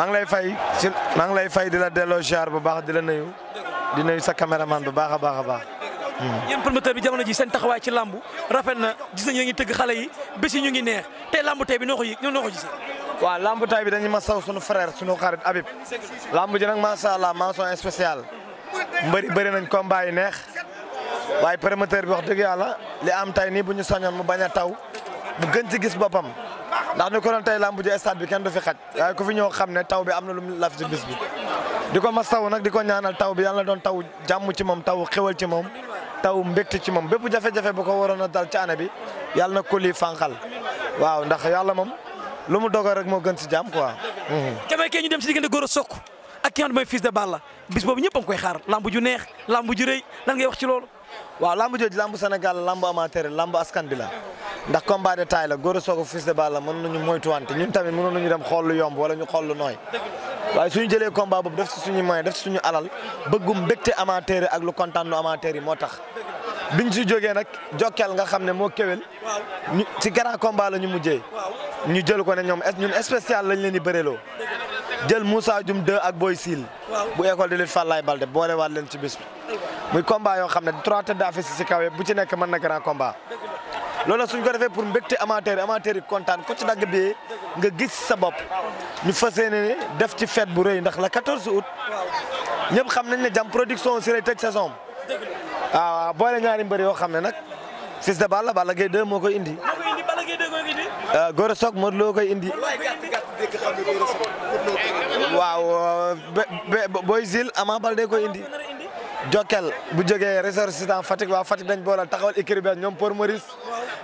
maa ngi lay fay si maa ngi lay fay di la delloo ziar bu baax di la nuyu di nuyu sa caméraman bu baax a baax a baax. Hmm. yéen promoteur bi jamono ji seen taxawaay ci làmb rafet na gis nañu ngi tëgg xale yi bés ñu ngi neex te làmb tey bi noo ko yi noo waaw làmb bi dañuy ma saw sunu frère sunu xarit Habib làmb ji nag macha allah mention spéciale mbëri bëri nañ combat yi neex waaye promoteur bi wax dëgg yàlla li am tey nii bu ñu sañoon mu bañ a taw mu gën ci gis boppam. ndax ni ko doon tey lamb ji stade bi kenn du fi xaj waaye ku fi ñëw xam ne taw bi am na lu mu laf ci bis bi di ko mas taw nag di ko ñaanal taw bi yàlla doon taw jàmm ci moom taw xewal ci moom taw mbégte ci moom bépp jafe-jafe bu ko waroon a dal ci bi yàlla na ko lii fànqal waaw ndax yàlla moom lu mu dogal rek moo gën si jàmm quoi. jafe mhm. kee ñu dem si diggante Gora ak ki nga xam ne mooy Fils de Balla bis boobu ñëpp a ngi koy xaar lamb ju neex lamb ju rëy lan ngay wax ci loolu. waaw lamb jooju lamb Sénégal lamb amateur lamb askan bi la ndax combat de taille la Gora Sock ak Fils de Balla mën nañu moytuwante ñun tamit mënoon nañu dem xool lu yomb wala ñu xool nooy waaye suñu jëlee combat boobu def si suñu moyen def si suñu alal bëggum mbégte amateur ak lu kontaanu amateur yi moo tax biñ si jógee nag jokkeel nga xam ne moo kéwél ñu si grand combat la ñu mujjee ñu jël ko ne ñoom ñun spécial lañ leen di bëreloo jël Moussa Dioum 2 ak Boy Sil bu école de lutte Fallaye Balde boolewaat leen ci bis bi muy combat xam ne trois têtes d'affiche si kaw bu ci nekk mën na grand combat loolu suñ ko defee pour mbégte amateur amateur kontaan ko ci dagg bi nga gis sa bopp ñu fas yéene def ci fête bu rëy ndax la 14 août ñëpp xam nañ ne jam production si tëj saison am waaw boole ñaari mbër yoo xam ne nag fils de Balla Balla Gaye 2 moo koy indi. Gora Sock Modou Lo koy indi. waaw Boy Zil Ama Baldé koy indi. Jokal bu jógee ressortissant Fatick waa Fatick dañ boolal taxawal écurie bi ñoom Port Maurice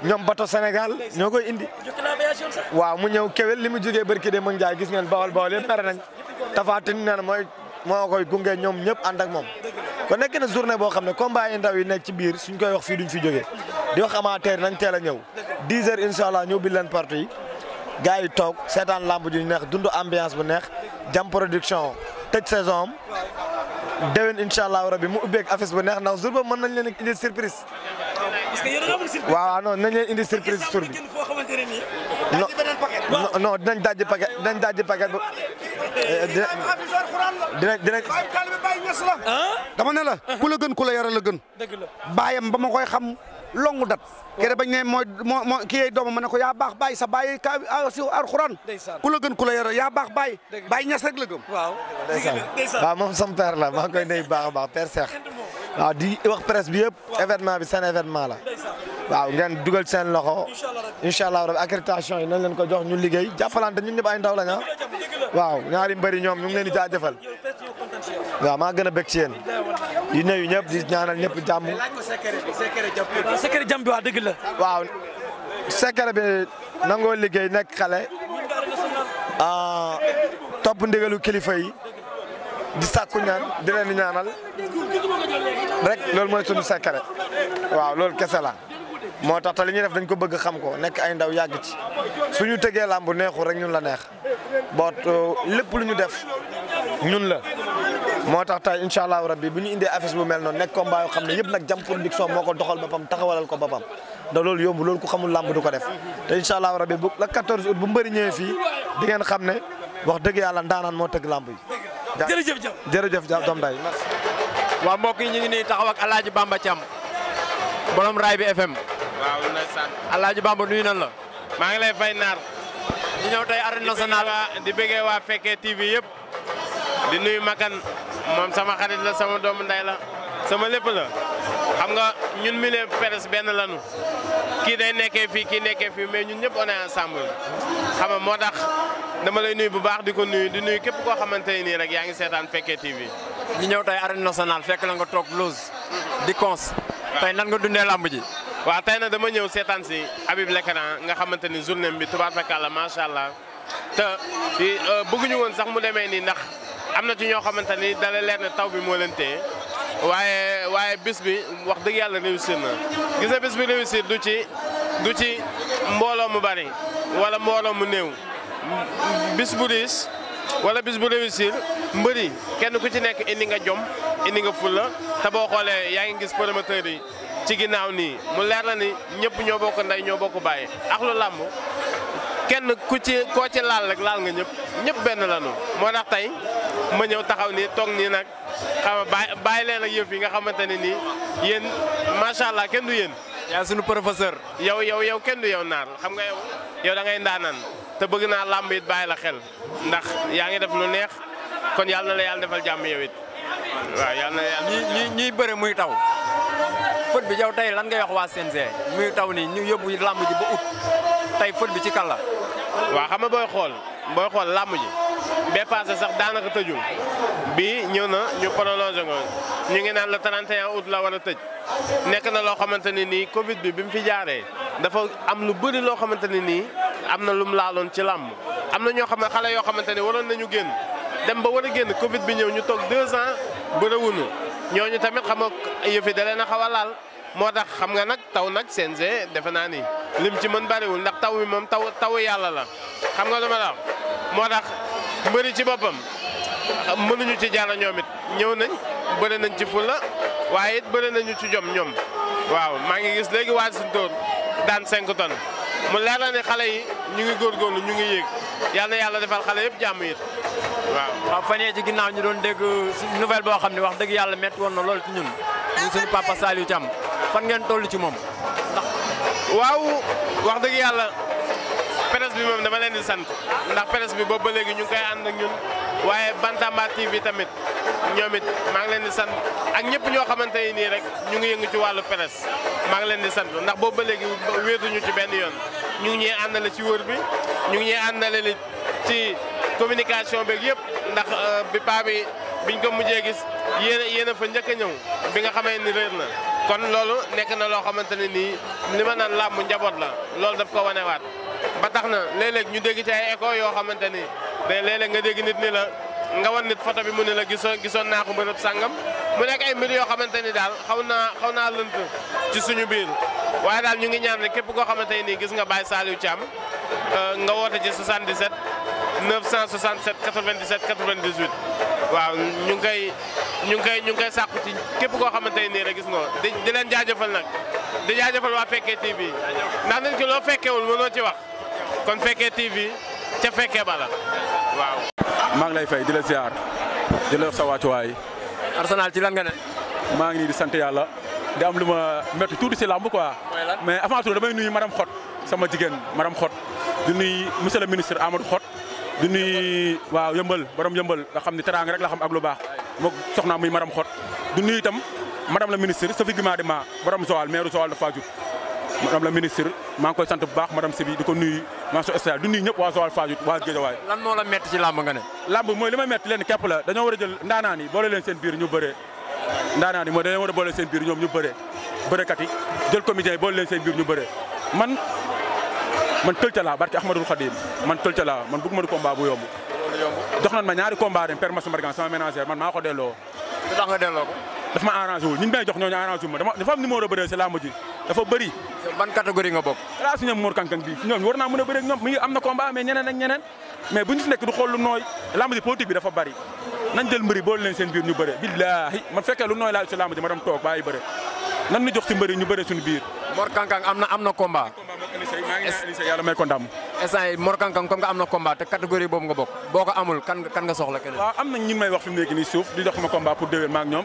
ñoom bato Sénégal ñoo koy indi waaw mu ñëw Kewel li mu jógee barki de Mandiaye gis ngeen bawal bawal yëpp mere nañ tafaatin nee na mooy moo koy gunge ñoom ñëpp ànd ak moom kon nekk na journée boo xam ne combat yi ndaw yi nekk ci biir suñ koy wax fii duñ fi jógee di wax amateur nañ teel a ñëw 10 heures incha allah ñëw bi leen parti gars yi toog seetaan lamb ju neex dund ambiance bu neex jam production tëj saison déwén incha allahu rabi mu ubbeeg affiche bu neex ndax jour ba mën nañ leen indi surprise. parce que yéen a amul surprise. waaw non nañ leen indi surprise jour bi. non non non dinañ dajji paquet dinañ dajji paquet ba. dinañ dinañ. dama ne la. ku la gën ku la yara la gën. dëgg la bàyyam ba ma koy xam. longu dat kere ba ne mooy moo moo kii yey doomam ma ne ko yaa baax bàyyi sa bàyyi ka ah, si alxuraan ku la gën ku la yar yaa baax bàyyi bàyyi ñas rek la gëm waaw waaw moom sam père la maa ngi koy nuyu baax a baax père Cheikh waaw di wax presse bi yëpp événement bi seen événement la waaw ngeen dugal seen loxo incha allah rabi yi nañ leen ko jox ñu liggéey jàppalante ñun ñëpp ay ndaw lañ ah waaw ñaari mbëri ñoom ñu ngi leen di jaajëfal waaw maa gën a bëgg ci yéen di nuyu ñëpp di ñaanal ñëpp jàmm. waaw secret jàmm bi waa dëgg la. waaw secret bi nangoo liggéey nekk xale. Ah, topp ndigalu kilifa yi. di sàkku ñaan di leen ñaanal rek loolu mooy suñu secret waaw loolu kese la moo tax te li ñuy def dañ ko bëgg xam ko nekk ay ndaw yàgg ci suñu tëgee làmb neexul rek ñun la neex boot lépp lu ñu def ñun la moo tax tey incha allahu rabbi bu ñu indee affiche bu mel noonu nekk combat yoo xam ne yëpp nag jam production moo ko doxal boppam taxawalal ko boppam da loolu yomb loolu ku xamul làmb du ko def te incha rabbi bu la 14 août bu mbëri ñëwee fii di ngeen xam ne wax dëgg yàlla ndaanaan moo tëgg làmb yi. jërëjëf Diop jërëjëf Diop Dame Ndaye merci. waa mbokk yi ñu ngi nii taxaw ak El Hadj Bamba Raay bi FM. waaw ndeysaan. El Hadj Bamba nuyu nan maa ngi lay fay naar. ñu ñëw tey arène nationale di bëggee waa fekkee TV yëpp di nuyu makan moom sama xarit la sama doomu nday la sama lépp la xam nga ñun milieu presse benn lanu kii day nekkee fii kii nekkee fii mais ñun ñëpp on est ensemble xam nga moo tax dama lay nuyu bu baax di ko nuyu di nuy képp koo xamante nii rek yaa ngi seetaan Fekke TV. ñu ñëw tey arène nationale fekk la nga toog loose di cons tey nan nga dundee làmb ji. waaw tey nag dama ñëw seetaan si Habib Lekran nga xamante ni journée bi tubaab fekk la macha allah te euh, bëgguñu woon sax mu demee nii ndax. am na ci ñoo xamante ni dala leer na taw bi moo leen waaye waaye bis bi wax dëgg yàlla réussir na gis nga bis bi réussir du ci du ci mbooloo mu bari wala mbooloo mu néew bis bu diis wala bis bu réussir mbëri kenn ku ci nekk indi nga jom indi nga fulla te boo xoolee yaa ngi gis promoteur yi ci ginnaaw nii mu leer la ni ñëpp ñoo bokk ndey ñoo bokk bàyyi ak lu kenn ku ci koo ci laal rek laal nga ñëpp ñëpp benn lanu moo tax tey ma ñëw taxaw nii toog nii nag xam nga bàyyi bàyyi leen ak yëf nga xamante ne nii yéen macha allah kenn du yéen. yaa suñu professeur. yow yow yow kenn du yow naar xam nga yow yow da ngay ndaanaan te bëgg naa làmb it la xel ndax yaa ngi def lu neex kon yàlla na la yàlla defal jàmm yow it waaw yàlla na yàlla ñi ñi ñiy bëre muy taw. fët bi jaw tey lan nga wax waa CNG muy taw nii ñu yóbbu làmb ji ba ut tey fët bi ci kan la. waaw xam nga booy xool booy xool làmb ji. bee passé sax daanaka tëjul bii ñëw na ñu prolongé ko ñu ngi naan le 31 ut la war a tëj nekk na loo xamante ne nii Covid bi bi mu fi jaaree dafa am lu bëri loo xamante ne nii am na lu mu laaloon ci làmb am na ñoo xam ne xale yoo xamante ne waroon nañu génn dem ba war a génn Covid bi ñëw ñu toog deux ans bëriwuñu ñooñu tamit xam nga yëf yi da xaw a laal moo tax xam nga nag taw nag CNG defe naa ni lim ci mën bëriwul ndax taw bi moom taw taw yàlla la mbëri ci boppam mënuñu ci jaara ñoom it ñëw nañ bëri nañ ci fulla waaye it bëri nañu ci jom ñoom waaw maa ngi gis léegi waa Sintoor daan 5 tonnes mu leer la ne xale yi ñu ngi góorgóorlu ñu ngi yéeg yal na yàlla defal xale yëpp jàmm it waaw. waaw fan yee ci ginnaaw ñu doon dégg nouvelle boo xam ne wax dëgg yàlla métti woon na lool ci ñun ah, ñu suñu papa Saliou Thiam fan ngeen toll ci moom ndax. waaw wax dëgg yàlla. presse bi moom dama leen di sant ndax presse bi boobu ba léegi ñu ngi koy ànd ak ñun waaye Bantamba TV tamit ñoom it maa ngi leen di sant ak ñëpp ñoo xamante ni nii rek ñu ngi yëngu ci wàllu peres maa ngi leen di sant ndax boobu ba léegi wéetuñu ci benn yoon ñu ngi ñuy àndale ci wër bi ñu ngi ñuy àndale li ci communication beeg yëpp ndax euh, bi paa bi biñ ko mujjee gis yéen yéen a fa njëkk a ñëw bi nga xamee ni réer na kon loolu nekk na loo xamante ne nii li ma naan làmb njaboot la loolu daf ko wanewaat ba tax na léeg-léeg ñu dégg ci ay écho yoo xamante ni day léeg nga dégg nit ni la nga wan nit photo bi mu ne la gisoon gisoon naa ko bërëb sàngam mu nekk ay mbir yoo xamante ni daal xaw naa xaw naa lënt ci suñu biir waaye daal ñu ngi ñaan ne képp koo xamante ni gis nga Baye Saliou Thiam euh, nga woote ci 77 967 97 98 waaw ñu ngi koy ñu ngi koy ñu ngi koy sàkku ci képp koo xamante ni rek gis nga di di leen jaajëfal nag di jaajëfal waa Fekke TV ndax nit ki loo fekkewul mënoo ci wax kon Fekke TV ca Fekke ba la maa ngi lay fay di la ziar di la sa wàccuwaay. Arsenal ci lan nga ne. maa ngi nii di sant yàlla di am lu ma métti tuuti si làmb quoi. mais avant tout damay nuyu madame Xot sama jigéen madame Xot di nuy monsieur le ministre Amadou Xot di nuy waaw yëmbal borom yëmbal nga xam ni teraanga rek la xam ak lu baax moom soxna muy madame Xot di nuy itam madame la ministre Sophie Guimardima borom Joal maire Joal dafa jub madame la ministre maa ngi koy sant bu baax madame Sibi di ko nuyu mention spéciale di nuyu ñëpp waa Joal Fadiouth waa Guédiawaye ma metti leen la dañoo a a man man tëlca barke Ahmadul Khadim man tëlca man bëgg ma du combat bu yomb jox na ma ñaari combat dem père sama ménagère man maa ko delloo ko daf ma arrangé wul ñi ñu may jox ñooñu arrangé ma dafa am numéro bëree si làmb dafa bëri. ban catégorie nga bokk. classe ñoom Mor Kankan bi ñoom war naa mën a bëri ak ñoom mi ngi am na combat mais ñeneen ak ñeneen mais bu ñu si nekk du xool lu nooy lamb ji politique bi dafa bëri nañ jël mbëri boole leen seen biir ñu bëre billaahi man fekkee lu nooy laal si lamb ji ma dem toog bàyyi bëre nan ñu jox si mbëri ñu bëre suñu biir. Mor Kankan am na am na combat. yàlla may ko ndam. instant yi Mor Kankan comme nga am na combat te catégorie boobu nga bokk boo ko amul kan kan nga soxla keneen. na ñun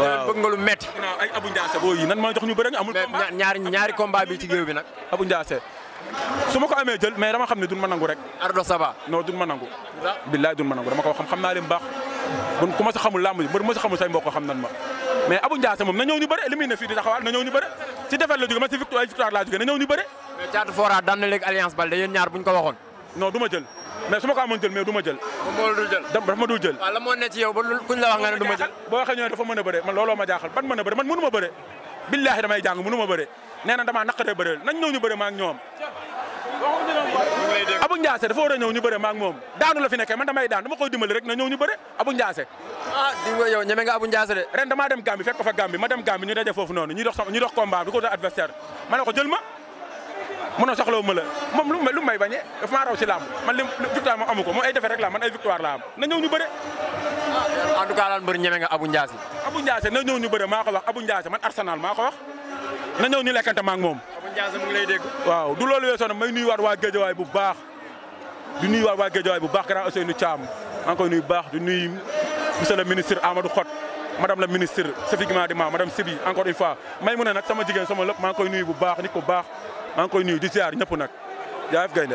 waaw bëgg nga lu métti. ay boo yi nan ma jox ñu bëri amul. combat ñaari ñaari combat bi ci géew bi su ma ko amee jël mais dama xam ne duñ ma nangu rek. Ardo Saba. non duñ ma nangu. billaay duñ ma nangu dama ko xam xam naa leen baax. kon ku ma xamul làmb ji ma sa xamul say mbokk xam nan ma mais Abou Ndiassé moom na ñëw ñu bëre li ne fii di taxawal na ñëw ñu bëre ci defet la jóge ma ci victoire laa jóge na ñëw ñu bëre. mais Thiatou Fora daan na léegi alliance Baldé ñaar buñ ko waxoon. mais suma ma ko amoon jël mais du ma jël. moom moo dul jël ma ne ci yow ba kuñ la wax nga ne du jël. boo waxee ñooy dafa mën a bëre man looloo ma jaaxal ban mën a bëre man mënu ma bëre. billaahi damay jàng mënu ma bëre nee na damaa naqaree bëre nañ ñëw ñu ma ak ñoom. Abou Ndiassé dafa war a ñëw ñu ma ak moom daanu la fi nekkee man damay daan dama koy dimbali rek na ñëw ñu bëre Abou ah, di nga yow ñeme nga Abou Ndiassé de. ren damaa dem Gambie fekk fa Gambie ma dem Gambie ñu daje foofu noonu ñu dox mënoo soxlawu ma la moom lu may lu may bañee daf maa raw si làmb man li victoire moom amu ko moom ay defet rek la man victoire la am na ñu bëre en tout cas daal mbër ñeme nga Abou Ndiassé Abou Ndiassé na ñëw ñu bëre maa ko wax Abou Ndiassé man Arsenal maa ko wax na ñëw ñu lekkante maa ak moom Abou Ndiassé mu ngi lay dégg waaw du loolu weesoo may nuyu waat waa Géejawaay bu baax du nuyu waat waa Géejawaay bu baax grand Ousseynou Thiam maa ngi koy nuyu baax du nuy monsieur le ministre Amadou Khot madame la ministre Sophie Guimard Dima sama jigéen sama lépp bu baax nit maa ngi koy nuyu di ziar ñëpp nag jaayef gaynde